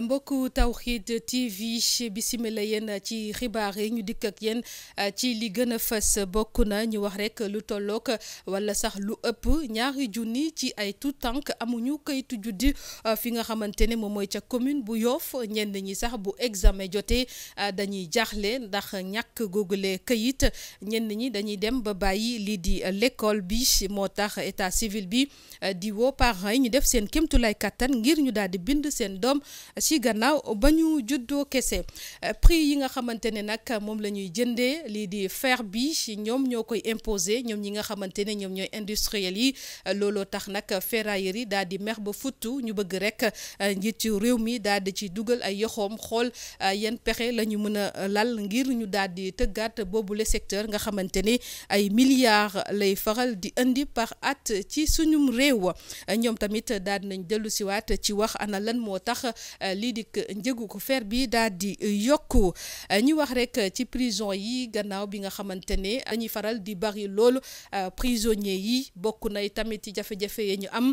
mbokku Tawhid TV bisimila yéen ci xibaar yi ñu dikk ak yéen euh, ci li gën a fës bokk na ñu wax rek lu tollook wala sax lu ëpp ñaari junni ci ay tout tànk amuñu këyitu juddi euh, fi nga xamante ne moom mooy ca commune bu Yoff ñenn ñi sax bu examen jotee euh, dañuy jaxle ndax ñàkk googule këyit ñenn ñi dañuy dem ba bàyyi lii di l'école bi moo tax état civil bi di woo parents yi ñu def seen lay kattan ngir ñu daal di bind seen doom. ci gannaaw ba ñu juddoo kese euh, prix yi nga xamante ne nag moom la ñuy jëndee lii di fer bi ñoom ñoo koy imposer ñoom ñi nga xamante ne ñoom ñooy industriel yi euh, looloo tax nag ferrailleurs yi daal di mer ba futtu ñu bëgg rek euh, njiitu réew mi daal di ci dugal ay yoxoom xool yan pexe la ñu mën a lal ngir ñu daal di tëggaat boobule secteur nga xamante ne ay milliards lay faral di indi par at ci suñum réew wa ñoom tamit daal nañ dellu siwaat ci wax ana moo tax lii di njëgu ko fer bi daal di euh, yokku euh, ñu wax rek euh, ci prison yi gannaaw bi nga xamante ne dañuy faral di bari loolu prisonniers yi bokk na tamit ci jafe-jafe yi ñu am.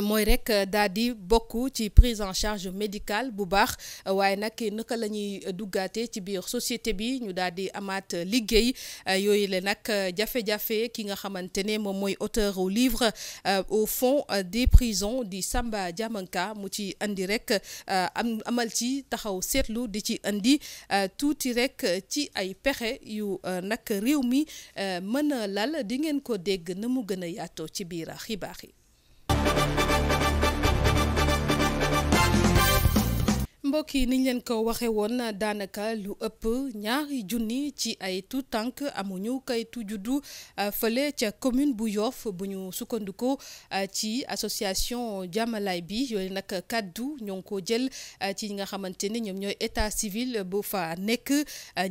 mooy rek euh, daal di bokk ci prise en charge médicale bu baax euh, waaye nag naka la ñuy duggaate ci biir société bi ñu daal di amaat liggéey euh, yooyu la nag jafe-jafe ki nga xamante ne moom mooy auteur au livre au fond de prison di Samba Diamanka mu ci indi rek am amal ci taxaw seetlu di ci indi tuuti rek ci ay pexe yu nag réew mi mën a lal di ngeen ko dégg na mu gën a yaatoo ci biir xibaar yi. mbokk yi niñ leen ko waxee woon daanaka lu ëpp ñaari junni ci ay tout tànk amuñu kayitu juddu euh, fële ca commune bu yoof bu ñu sukkandiku euh, ci association jàmmalaay bi yooyu nag kàddu ñoo ko jël euh, ci ñi nga xamante ni ñoom ñooy état civil bu fa nekk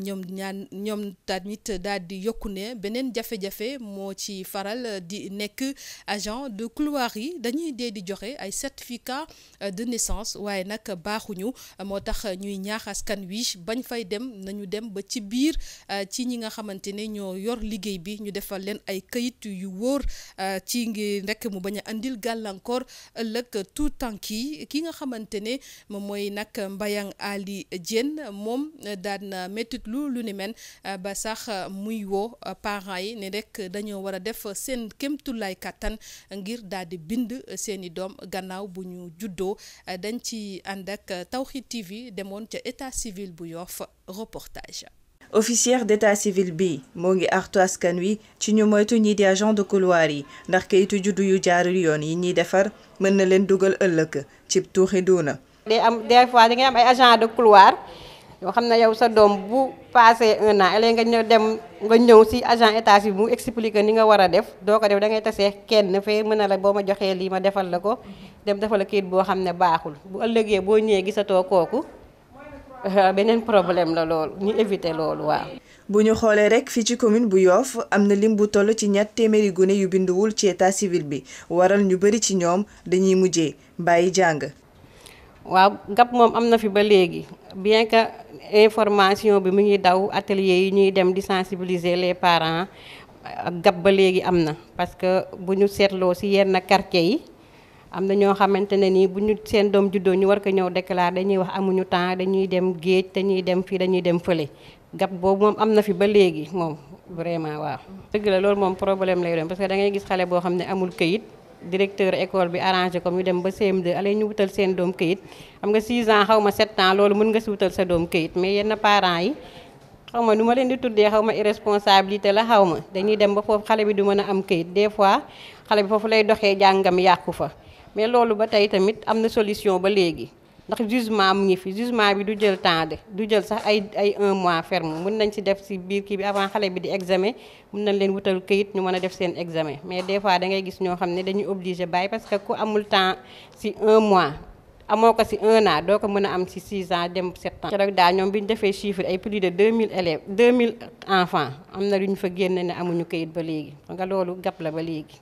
ñoom ñaan ñoom tamit daal di yokku ne beneen jafe-jafe moo ci faral di nekk agent de couloir yi dañuy dee di joxe ay certificat de naissance waaye nag baaxuñu moo tax ñuy ñaax askan wi bañ fay dem nañu dem ba ci biir euh, ci ñi nga xamante ne ñoo yor liggéey bi ñu defal leen ay kayit yu wóor euh, ci ngi rek mu bañ a indil gàllankoor ëllëg tout tànk yi ki nga xamante ne moom mooy nag Mbayang Ali Diène moom daan na lu ni men euh, ba sax muy woo parents yi ne rek dañoo war a def seen kémtulaay kàttan ngir daal di bind seeni doom gannaaw bu ñu juddoo dañ ci àndak tawxiit Sud TV demoon ca état civil bu Yoff reportage. officier d'état civil bi moo ngi artu askan wi ci ñu moytu ñii di agent de couloir yi ndax kayitu juddu yu jaarul yoon yi ñuy defar mën na leen dugal ëllëg ci tuuxi duuna. day am des fois da ngay am ay agent de couloir yoo xam na yow sa doom bu passé un an ëllëg nga ñëw dem nga ñëw si agent état civil mu expliqué ni nga war a def doo ko def da ngay tasee kenn fee mën na la boo ma joxee lii ma defal la ko dem dafa la kayit boo xam ne baaxul bu ëllëgee boo ñëwee gisatoo kooku beneen problème la loolu ñu éviter loolu waaw. bu ñu xoolee rek fii ci commune bu yoof am na lim bu toll ci ñett téeméeri gune yu binduwul ci état civil bi waral ñu bëri ci ñoom dañuy mujjee bàyyi jàng. waaw gap moom am na fi ba léegi bien que information bi mu ngi daw atelier yi ñuy dem di sensibiliser les parents gap ba léegi am na parce que bu ñu seetloo ci yenn quartier yi. am na ñoo xamante ne nii bu ñu seen doom juddoo ñu war ko ñëw déclaré dañuy wax amuñu temps dañuy dem géej dañuy dem fii dañuy dem fële gab boobu moom am na fi ba léegi moom vraiment waaw. dëgg la loolu moom problème lay doon parce que da ngay gis xale boo xam ne amul kayit directeur école bi arrangé ko ñu dem ba CM2 allez ñu wutal seen doom kayit xam nga 6 ans xaw ma 7 ans loolu mën nga si wutal sa doom këyit mais yenn parents yi xaw ma nu ma leen di tuddee xaw ma irresponsabilité la xaw ma dañuy dem ba foofu xale bi du mën a am këyit des fois xale bi foofu lay doxee jàngam yàqu fa. mais loolu ba tey tamit am na solution ba léegi ndax jugement mu ngi fi jugement bi du jël temps de du jël sax ay ay un mois ferme mën nañ ci def ci biir kii bi avant xale bi di examen mën nañ leen wutal kayit ñu mën a def seen examen mais des fois da ngay gis ñoo xam ne dañuy obligé bàyyi parce que ku amul temps ci un mois. amoo ko ci un an doo ko mën a am ci six ans dem sept ans. keroog daa ñoom bi ñu defee chiffre ay plus de deux mille élèves deux mille enfants am na lu ñu fa génn ne amuñu kayit ba léegi nga loolu gàpp la ba léegi.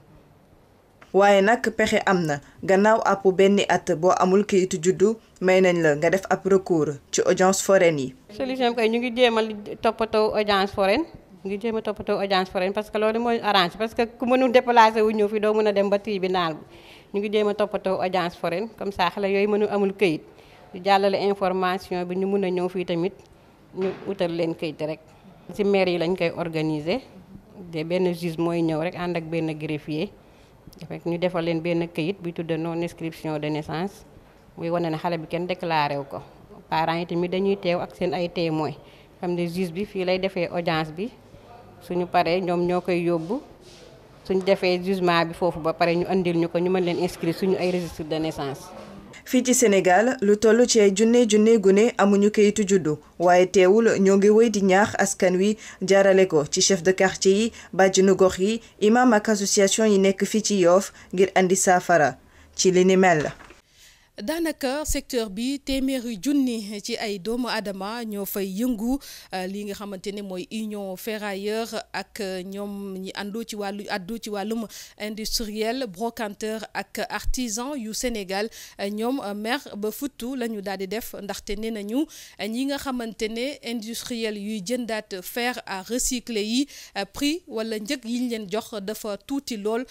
waaye nag pexe am na gannaaw ab benn at boo amul kayitu juddu may nañ la nga def ab recours ci audience foraine yi. solution kay ñu ngi jéem a toppatoo audience foraine ñu ngi jéem a toppatoo audience foraine parce que loolu mooy arrange parce que ku mënul déplacé wu ñëw fi doo mën a dem ba tribunal bi ñu ngi jéem a toppatoo audience foraine comme ça xale yooyu mënul amul kayit di jàllale information bi ñu mën a ñëw fii tamit ñu utal leen kayit rek. ci maire yi lañ koy organiser de benn juge ñëw rek ànd ak benn greffier. fekk ñu defal leen benn kayit buy tudde non inscription de naissance muy wane ne xale bi kenn déclaré wu ko parent yi tamit dañuy teew ak seen ay témoins xam ne juge bi fii lay defee audience bi suñu paree ñoom ñoo koy yóbbu suñu defee jugement bi foofu ba pare ñu indil ñu ko ñu mën leen inscrire suñu ay registre de naissance fii ci senegal lu toll ci ay junne junne gune amuñu kayitu juddu waaye teewul ñoo ngi woy di ñaax askan wi jaarale ko ci chef de quartier yi bàjjenu gox yi imam ak association yi nekk fii ci yoof ngir indi saafara ci li ni mel. daanaka secteur bi téeméeri junni ci ay doomu aadama ñoo fay yëngu euh, li nga xamante ne mooy union ferrailleur ak euh, ñoom ñi àndu ci wàllu àddu ci wàllum industriel brocanteur ak artisan yu Sénégal euh, ñoom mer ba futtu la ñu daal di def ndaxte nee nañu ñi nga xamante ne industriel yuy jëndaat fer a recycler yi prix wala njëg yi ñu leen jox dafa tuuti lool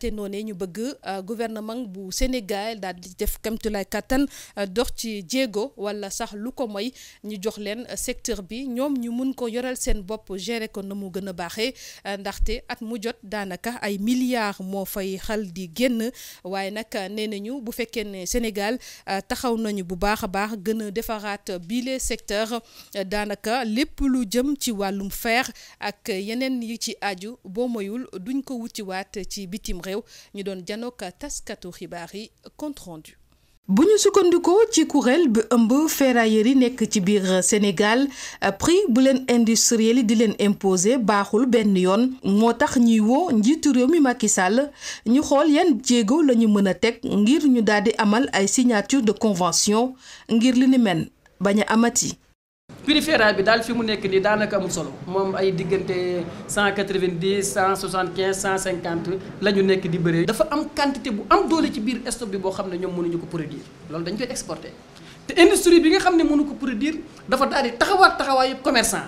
te noonee ñu bëgg gouvernement bu Sénégal daal def kamtu lay kattan euh, dox ci jéego wala sax lu ko moy ñu jox leen euh, secteur bi ñoom ñu mën ko yoral seen bopp gérer ko na mu gën a baaxee euh, ndaxte at mu jot daanaka ay milliards moo fay xal di génn waaye nag nee nañu bu fekkee ne Sénégal taxaw nañu bu baax a baax gën a defaraat bile secteur daanaka lépp lu jëm ci wàllum fer ak yeneen yi ci aju boo moyul duñ ko wutiwaat ci bitim réew ñu doon janooka taskatu xibaar yi compte rendu bu ñu sukkandikoo ci kuréel bi ëmb ferrailleurs yi nekk ci biir Sénégal prix bu leen industriel yi di leen imposé baaxul benn yoon moo tax ñuy woo njiitu réew mi Macky Sall ñu xool yan jéego la ñu mën a teg ngir ñu daal di amal ay signature de convention ngir li ni mel bañ a amati. périphérique bi daal fi mu nekk nii daanaka amul solo moom ay diggante cent quatre vingt dix cent soixante quinze cent cinquante la nekk di bëree. dafa am quantité bu am doole ci biir stock bi boo xam ne ñoom mënuñu ko produire loolu dañ koy exporter te industrie bi nga xam ne mënu ko produire dafa daal di taxawaat taxawaayu commerçant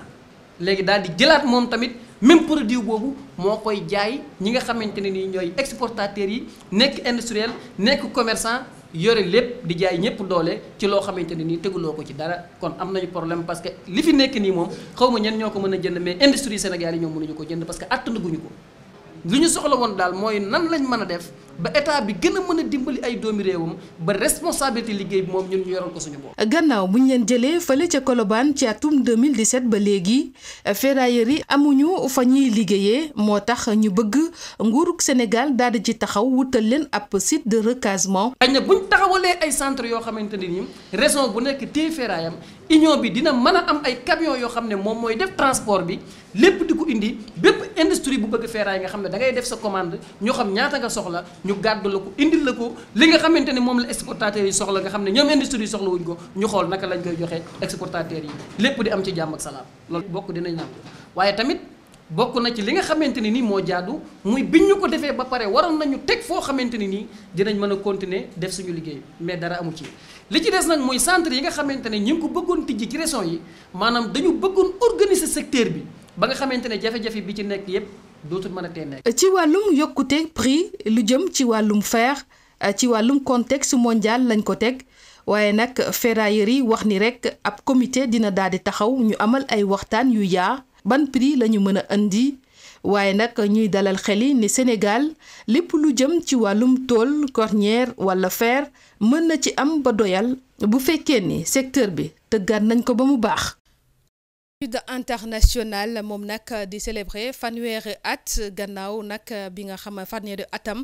léegi daal di jëlaat moom tamit. même produit boobu moo koy jaay ñi nga xamante ne ni ñooy exportateurs yi nekk industriel nekk commerçant yore lépp di jaay ñëpp doole ci loo xamante ne nii teguloo ko ci dara kon am nañu problème parce que li fi nekk nii moom xaw ma ñen ñoo ko mën a jënd mais industrie Sénégal yi ñoom mënuñu ko jënd parce que attanaguñu ko li ñu soxla woon daal mooy nan lañ mën a def ba état bi gën a mën a dimbali ay doomi réewam ba responsabilité liggéey bi moom ñun ñu yoral ko suñu bopp. gannaaw bu ñu leen jëlee fële ca Colobane ci atum 2017 ba léegi ferrailleurs yi amuñu fa ñuy liggéeyee moo tax ñu bëgg nguurug Sénégal daal ci taxaw wutal leen ab site de recasement. xëy na bu ñu taxawalee ay centre yoo xamante ne nii raison bu nekk téye ferraayam union bi dina mën a am ay camion yoo xam ne moom mooy def transport bi lépp di ko indi bépp industrie bu bëgg ferraille nga xam ne dangay def sa commande ñoo xam ñaata nga soxla ñu gàddu la ko indil la ko li nga xamante ne moom la exportateur yi soxla nga xam ne ñoom industrie yi soxla wuñ ko ñu xool naka lañ koy joxe exportateur yi lépp di am ci jàmm ak salaam loolu bokk dinañ am waaye tamit bokk na ci li nga xamante ne ni moo jaadu muy biñ ñu ko defee ba pare waroon nañu teg foo xamante ne nii dinañ mën a continuer def suñu liggéey mais dara amu ci li ci des nag mooy centre yi nga xamante ne ñu ngi ko bëggoon tijji ci région yi maanaam dañu bëggoon organiser secteur bi ba nga xamante ne jafe-jafe bi ci nekk yépp dootul mën a tee ci wàllum yokkute prix lu jëm ci wàllum fer ci wàllum contexte mondial lañ ko teg. waaye nag ferrailleurs yi wax ni rekk ab comité dina daal di taxaw ñu amal ay waxtaan yu yaa ban prix la ñu mën a indi waaye nag ñuy dalal xeli ni Sénégal lépp lu jëm ci wàllum tool cornière wala fer mën na ci am ba doyal bu fekkee ni secteur bi tëggaat nañ ko ba mu baax. sud international moom nag di célébrer fanweeri at gannaaw nag bi nga xam fanweeri atam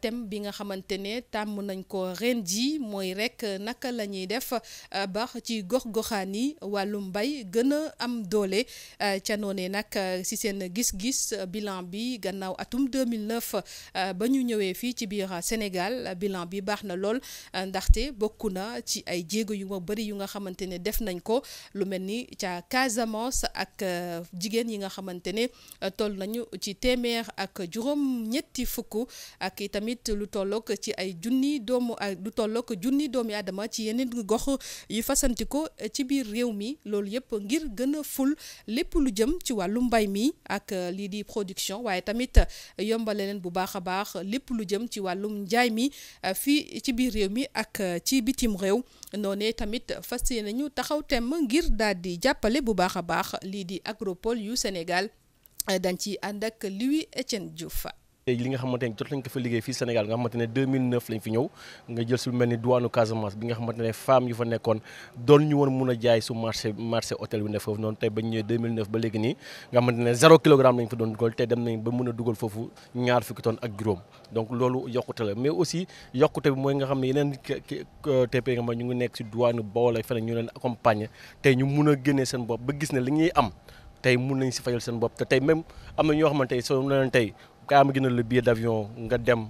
thème bi nga xamante ne tàmm nañ ko ren ji mooy rek naka la ñuy def euh, ba ci gox-goxaan yi wàllum mbay gën a am doole euh, ca noonee nag si seen gis-gis bilan bi gannaaw atum 2009 euh, ba ñu ñëwee fii ci biir Sénégal bilan bi baax na lool ndaxte bokk na ci ay jéego yu ma bëri yu nga xamante ne def nañ ko lu mel ca Casamance Casamance ak euh, jigéen yi nga xamante ne euh, toll nañu ci téeméer ak juróom ñetti fukk ak itamit lu tollook ci ay junni doomu ak lu tollook junni doomi aadama ci yeneen gox yi fasantiko ci biir réew mi loolu yëpp ngir gën a ful lépp lu jëm ci wàllu mbay mi ak euh, lii di production waaye tamit yombale leen bu baax a baax lépp lu jëm ci wàllum njaay mi fii ci biir réew mi ak ci bitim réew noonee tamit fas nañu taxaw temm ngir daal jàppale bu baax a baax lii di agropol yu senegal dañ ci ànd ak Louis Etienne Diouf. li nga xamante ne jot lañ ko fa liggéey fii Sénégal nga xamante ne 2009 lañ fi ñëw nga jël su mel ni duwaanu Casamance bi nga xamante ne femmes yu fa nekkoon doon ñu woon mun a jaay su marché marché hôtel bi ne foofu noonu tey ba ñu ne zéro kilogramme lañ fa doon dugal tey dem nañ ba mun a dugal foofu ñaar fukki tonnes ak juróom donc loolu yokkute la mais aussi yokkute bi mooy nga xam ne yeneen TP nga xam ñu ngi nekk si duwaanu Bawol ak feneen ñu leen accompagner tey ñu mun a génnee seen bopp ba gis ne li ñuy am tey mun nañ si fayal seen bopp te tey même am na ñoo xamante ne soo leen tey kaay ma gënal la billet d'avion nga dem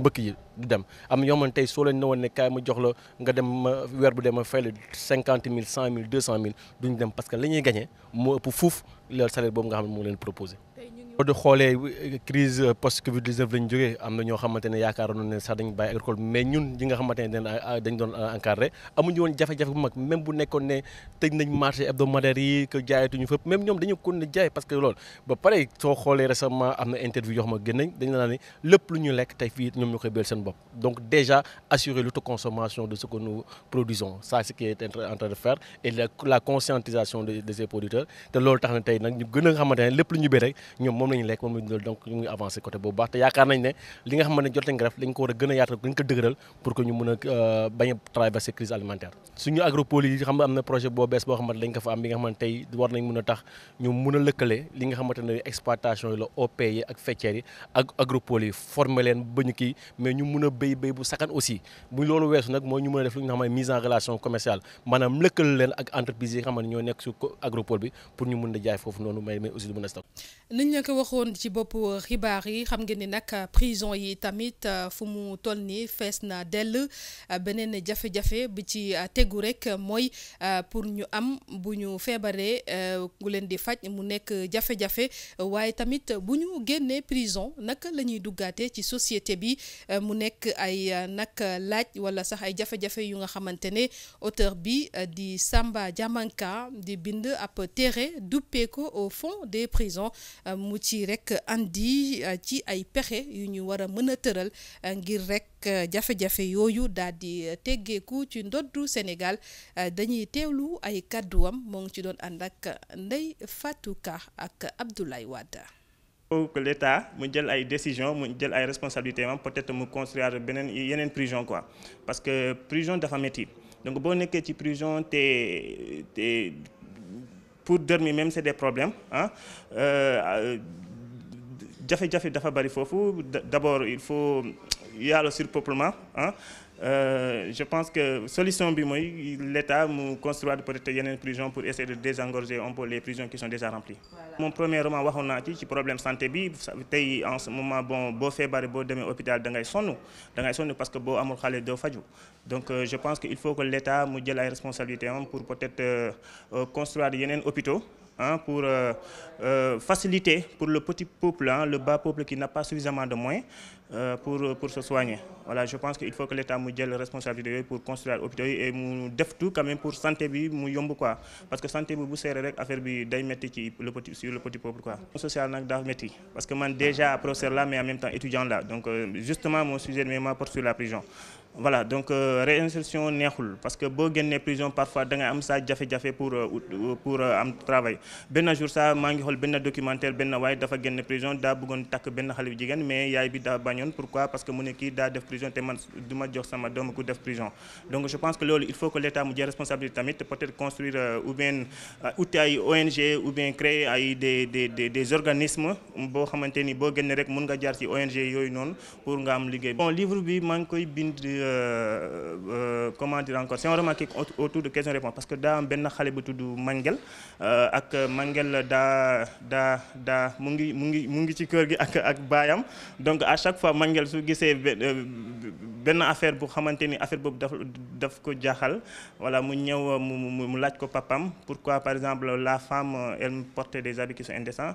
mbëkk yi du dem am yoo xam tey soo leen ne ne kaay ma jox la nga dem ma weer bu dem ma fay la cinquante mille cent mille deux cent mille duñ dem parce que la moo ëpp fuuf le salaire boobu nga xam ne moo leen proposé. du xoolee euh, crise post covid 19 lañ jógee am na ñoo xamante ne yaakaaroon ne sax dañ bàyyi agricole mais ñun ñi nga xamante ne dañ ah, doon euh, encadré amuñu woon jafe-jafe bu mag même bu nekkoon ne tëj nañ marché hebdomadaire yi que jaayatuñu fépp même ñoom dañu kon ne jaay parce que loolu ba pare soo xoolee récemment am na interview yoo xam ne lépp lu ñu lekk tey ñoom ñu na tey nag ñu moom lañu lekk moom lañu dundal donc ñu ngi avancé côté boobu baax te yaakaar nañ ne li nga xam jot nañ def dañ ko war a gën a yaatal ko dëgëral pour euh, xam nga am na projet boo bees boo xamante ko ñu mën a lëkkale li ba kii mais ñu mën a béy béy bu sakan aussi bu loolu weesu nag mooy ñu mën a def lu ñu xam ne mise en relation commerciale maanaam lëkkale leen ak entreprise yi nga ñoo nekk su agropole bi pour ñu mën a jaay foofu noonu mais mais aussi du mën a waxoon ci bopp xibaar yi xam ngeen ni nag prison yi tamit euh, fu mu toll nii fees na dell euh, beneen jafe-jafe bi ci euh, tegu rek mooy pour ñu am bu ñu feebaree gu leen di faj mu nekk jafe-jafe waaye tamit bu ñu génnee prison naka lañuy ñuy duggaatee ci société bi mu nekk ay nag laaj wala sax ay jafe-jafe yu nga xamante ne auteur bi di Samba Diamanka di bind ab téere duppee au fond des prisons ci rek andi uh, ci ay pexe yu ñu war a mën a tëral uh, ngir rek uh, jafe-jafe yooyu daal di teggeeku ci ndoddu Sénégal dañuy teewlu ay kàdduwam moo ngi ci doon ànd ak Ndeye Fatou Ka ak Abdoulaye Wade. faut que l'État mu jël ay décision mu jël ay responsabilité am peut-être mu construire beneen yeneen prison quoi parce que prison dafa métti donc boo nekkee ci prison te te. pour dormir même c'est des problèmes ah jafe-jafe dafa bari foofu d'abord il faut y a le surpeuplement Euh, je pense que solution bi mooy l'État mu construire peut-être yeneen prison pour essayer de désengorger un peu les prisons qui sont déjà remplies. Voilà. moom premièrement waxoon naa ci ci problème santé bi tey en ce moment bon boo feebaree boo demee hôpital da ngay sonn da ngay parce que boo amul xale doo faju donc euh, je pense que il faut que l'État mu jël ay responsabilités am pour peut-être euh, euh, construire yeneen hôpitaux. hein, pour euh, euh, faciliter pour le petit peuple, hein, le bas peuple qui n'a pas suffisamment de moyens euh, pour, euh, pour se soigner. je pense qu'il faut que l'État nous jël responsabilité pour construire l'hôpital et nous def quand même pour santé bi mu yomb quoi parce que santé bi bu seere rek affaire bi day métti ci sur le petit peuple quoi. social nag dafa métti parce que man déjà professeur là mais en même temps étudiant là donc euh, justement mon sujet de mémoire porte sur voilà donc euh, réinsertion neexul parce que boo génnee prison parfois da nga am sa jafe-jafe pour euh, euh, pour am travail benn jour sa maa ngi xool benn documentaire benn waaye dafa génn prison daa bëggoon takk benn xale bu jigéen mais yaay bi daa bañoon pourquoi parce que mu ne kii daa def prison te man du jox sama doom ku def prison donc je pense que loolu il faut que l'État mu jël responsabilité tamit peut-être construire ou bien uti ay ONG ou bien créer ay des des des organismes boo xamante ni boo génnee rek mun nga jaar ci ONG yooyu noonu Euh, euh, comment dire encore c'est un remarque autour de question réponse parce que daa am benn xale bu tudd Mangel euh, ak Mangel daa daa daa mu ngi mu ngi mu ngi ci kër gi ak ak baayam donc à chaque fois Mangel su gisee euh, benn affaire bu xamante ni affaire boobu daf daf ko jaaxal wala mu ñëw mu mu laaj ko papam pourquoi par exemple la femme elle porte de habits qui sont indécents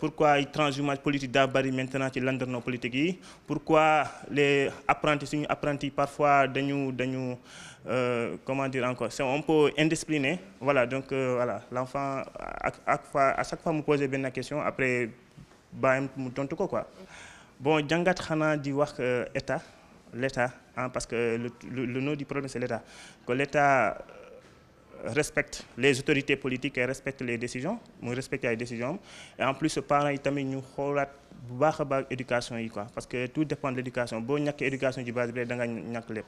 pourquoi transhumance politique daa bari maintenant ci landerneau politique yi pourquoi les apprentis yi parfois dañu dañu euh, comment dire encore c'est un peu indiscipliné voilà donc euh, voilà l'enfant ak ak fois à chaque fois mu posé benn question après bàyyam mu tontu ko quoi bon jàngat xanaa di wax euh, état l'état ah parce que le le nom du problème c'est l'état que l'état respecte les autorités politiques et respecte les décisions muy respecte ay décisions et en plus parents yi tamit ñu xoolaat bu baax a baax éducation yi quoi parce que tout dépend de l'éducation boo ñàkkee éducation ci base bi da nga ñàkk lépp.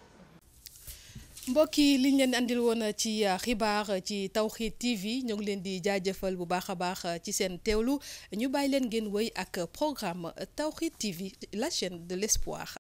mbokk yi liñ leen andil woon ci xibaar ci Tawhid TV ñu ngi leen di jaajëfal bu baax a baax ci seen teewlu ñu bàyyi leen ngeen wéy ak programme Tawhid TV la chaîne de l'espoir.